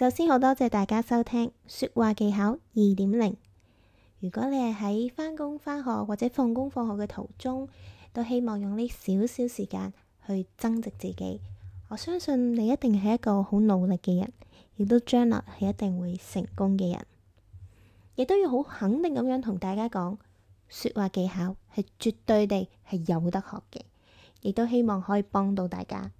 首先，好多謝大家收聽說話技巧二點零。如果你係喺返工返學或者放工放學嘅途中，都希望用呢少少時間去增值自己，我相信你一定係一個好努力嘅人，亦都將來係一定會成功嘅人。亦都要好肯定咁樣同大家講，說話技巧係絕對地係有得學嘅，亦都希望可以幫到大家。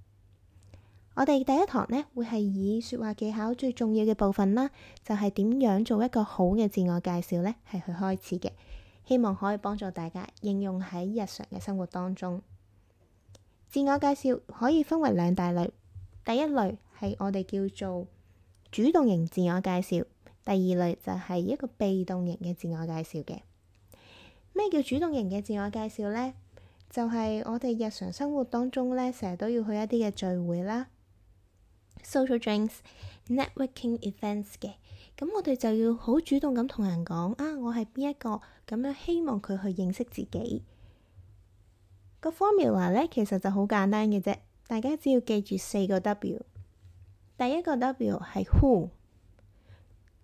我哋第一堂呢，會係以說話技巧最重要嘅部分啦，就係點樣做一個好嘅自我介紹呢，係去開始嘅。希望可以幫助大家應用喺日常嘅生活當中。自我介紹可以分為兩大類，第一類係我哋叫做主動型自我介紹，第二類就係一個被動型嘅自我介紹嘅。咩叫主動型嘅自我介紹呢？就係我哋日常生活當中呢，成日都要去一啲嘅聚會啦。social drinks networking events 嘅，咁，我哋就要好主動咁同人講啊，我係邊一個咁樣，希望佢去認識自己。個 formula 呢，其實就好簡單嘅啫，大家只要記住四個 W。第一個 W 係 Who，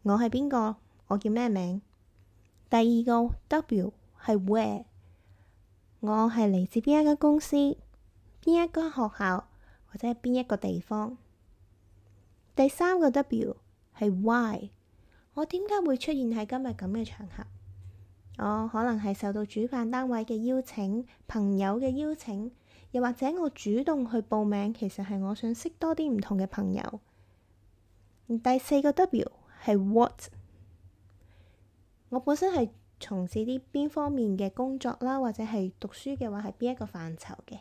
我係邊個？我叫咩名？第二個 W 係 Where，我係嚟自邊一間公司、邊一間學校或者係邊一個地方。第三個 W 係 Why，我點解會出現喺今日咁嘅場合？我可能係受到主辦單位嘅邀請、朋友嘅邀請，又或者我主動去報名，其實係我想識多啲唔同嘅朋友。第四個 W 係 What，我本身係從事啲邊方面嘅工作啦，或者係讀書嘅話係邊一個範疇嘅。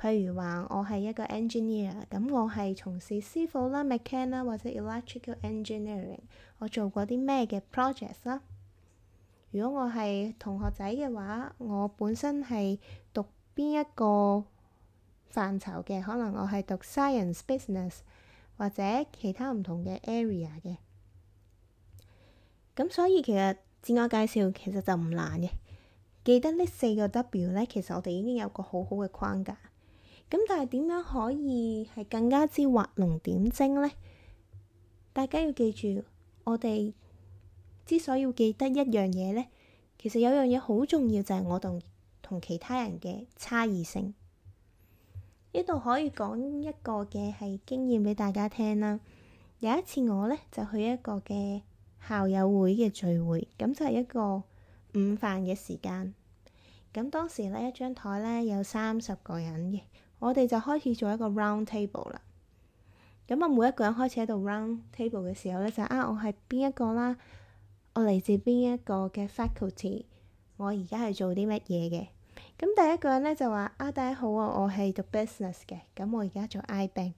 譬如話，我係一個 engineer，咁我係從事 civil 啦、mechanical 啦或者 electrical engineering。我做過啲咩嘅 project 啦？如果我係同學仔嘅話，我本身係讀邊一個範疇嘅？可能我係讀 science、business 或者其他唔同嘅 area 嘅。咁所以其實自我介紹其實就唔難嘅。記得呢四個 W 呢，其實我哋已經有個好好嘅框架。咁但係點樣可以係更加之畫龍點睛呢？大家要記住，我哋之所以要記得一樣嘢呢，其實有樣嘢好重要就係、是、我同同其他人嘅差異性。呢度可以講一個嘅係經驗俾大家聽啦。有一次我呢，就去一個嘅校友會嘅聚會，咁就係一個午飯嘅時間。咁當時呢，一張台呢，有三十個人嘅。我哋就開始做一個 round table 啦。咁啊，每一個人開始喺度 round table 嘅時候呢，就是、啊，我係邊一個啦？我嚟自邊一個嘅 faculty？我而家係做啲乜嘢嘅？咁第一個人呢，就話啊，大家好啊，我係讀 business 嘅，咁我而家做 i bank。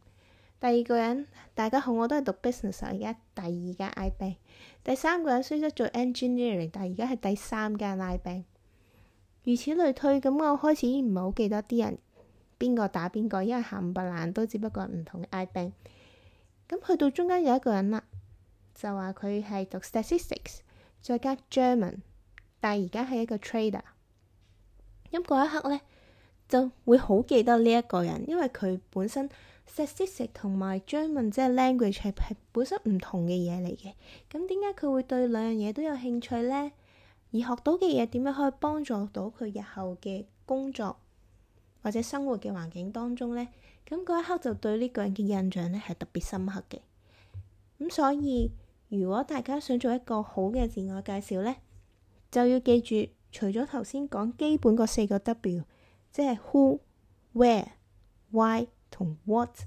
第二個人，大家好，我都係讀 business 啊，而家第二間 i bank。第三個人雖則做 engineering，但而家係第三間 i bank。如此類推，咁我開始已經唔係好記得啲人。邊個打邊個，因為冚唪唥都只不過係唔同嘅 I-Bank。咁去到中間有一個人啦，就話佢係讀 Statistics 再加 German，但係而家係一個 trader。咁嗰一刻呢，就會好記得呢一個人，因為佢本身 Statistics 同埋 German 即係 language 係係本身唔同嘅嘢嚟嘅。咁點解佢會對兩樣嘢都有興趣呢？而學到嘅嘢點樣可以幫助到佢日後嘅工作？或者生活嘅環境當中呢，咁嗰一刻就對呢個人嘅印象呢係特別深刻嘅。咁所以，如果大家想做一個好嘅自我介紹呢，就要記住除咗頭先講基本嗰四個 W，即係 Who、Where、Why 同 What，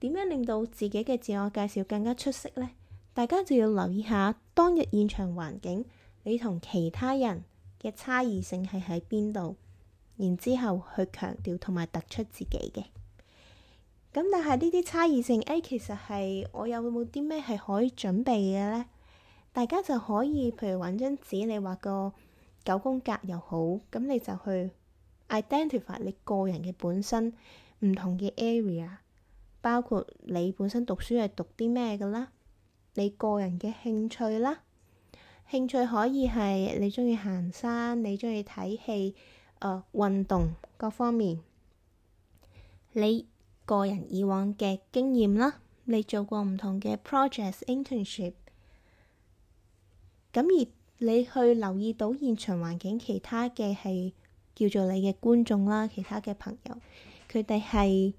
點樣令到自己嘅自我介紹更加出色呢？大家就要留意下當日現場環境，你同其他人嘅差異性係喺邊度？然之後去強調同埋突出自己嘅咁，但係呢啲差異性，誒其實係我有冇啲咩係可以準備嘅咧？大家就可以，譬如揾張紙，你畫個九宮格又好，咁你就去 identify 你個人嘅本身唔同嘅 area，包括你本身讀書係讀啲咩嘅啦，你個人嘅興趣啦，興趣可以係你中意行山，你中意睇戲。誒、uh, 運動各方面，你個人以往嘅經驗啦，你做過唔同嘅 project internship，咁而你去留意到現場環境，其他嘅係叫做你嘅觀眾啦，其他嘅朋友，佢哋係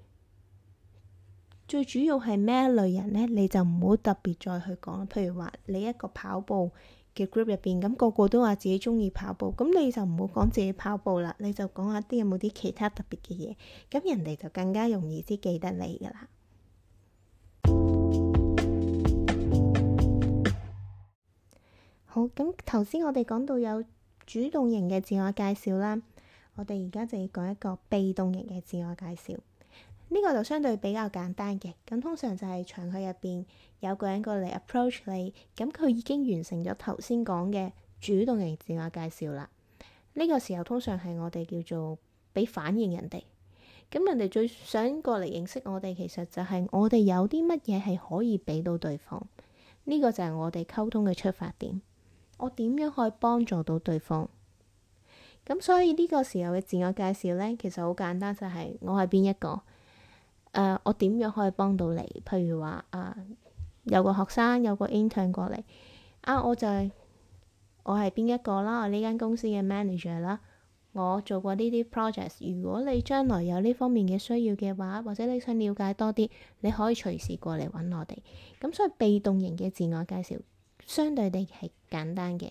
最主要係咩一類人呢？你就唔好特別再去講啦。譬如話你一個跑步。嘅 group 入邊，咁、那個個都話自己中意跑步，咁你就唔好講自己跑步啦，你就講下啲有冇啲其他特別嘅嘢，咁人哋就更加容易啲記得你噶啦。 好，咁頭先我哋講到有主動型嘅自我介紹啦，我哋而家就要講一個被動型嘅自我介紹。呢個就相對比較簡單嘅，咁通常就係場合入邊有個人過嚟 approach 你，咁佢已經完成咗頭先講嘅主動型自我介紹啦。呢個時候通常係我哋叫做俾反應人哋，咁人哋最想過嚟認識我哋，其實就係我哋有啲乜嘢係可以俾到對方。呢個就係我哋溝通嘅出發點，我點樣可以幫助到對方。咁所以呢個時候嘅自我介紹呢，其實好簡單，就係我係邊一個。誒，uh, 我點樣可以幫到你？譬如話，誒、uh, 有個學生有個 intern 過嚟，啊，我就我係邊一個啦，我呢間公司嘅 manager 啦，我做過呢啲 project。如果你將來有呢方面嘅需要嘅話，或者你想了解多啲，你可以隨時過嚟揾我哋。咁所以，被動型嘅自我介紹相對地係簡單嘅。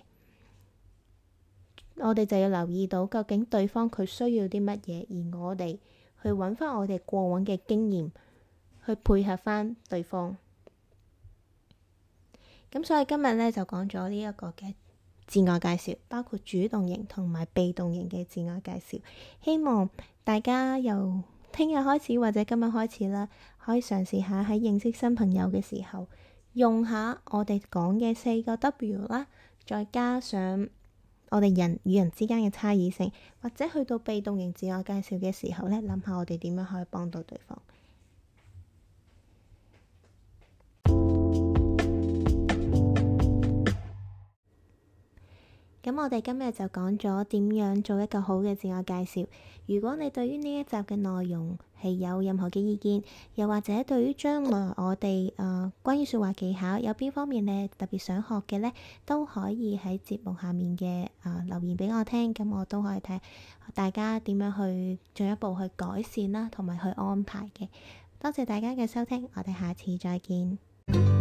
我哋就要留意到，究竟對方佢需要啲乜嘢，而我哋。去揾翻我哋過往嘅經驗，去配合翻對方。咁所以今日咧就講咗呢一個嘅自我介紹，包括主動型同埋被動型嘅自我介紹。希望大家由聽日開始或者今日開始啦，可以嘗試下喺認識新朋友嘅時候用下我哋講嘅四個 W 啦，再加上。我哋人與人之間嘅差異性，或者去到被動型自我介紹嘅時候咧，諗下我哋點樣可以幫到對方。咁我哋今日就講咗點樣做一個好嘅自我介紹。如果你對於呢一集嘅內容係有任何嘅意見，又或者對於將來我哋誒、呃、關於說話技巧有邊方面你特別想學嘅呢，都可以喺節目下面嘅誒、呃、留言俾我聽。咁我都可以睇大家點樣去進一步去改善啦，同埋去安排嘅。多謝大家嘅收聽，我哋下次再見。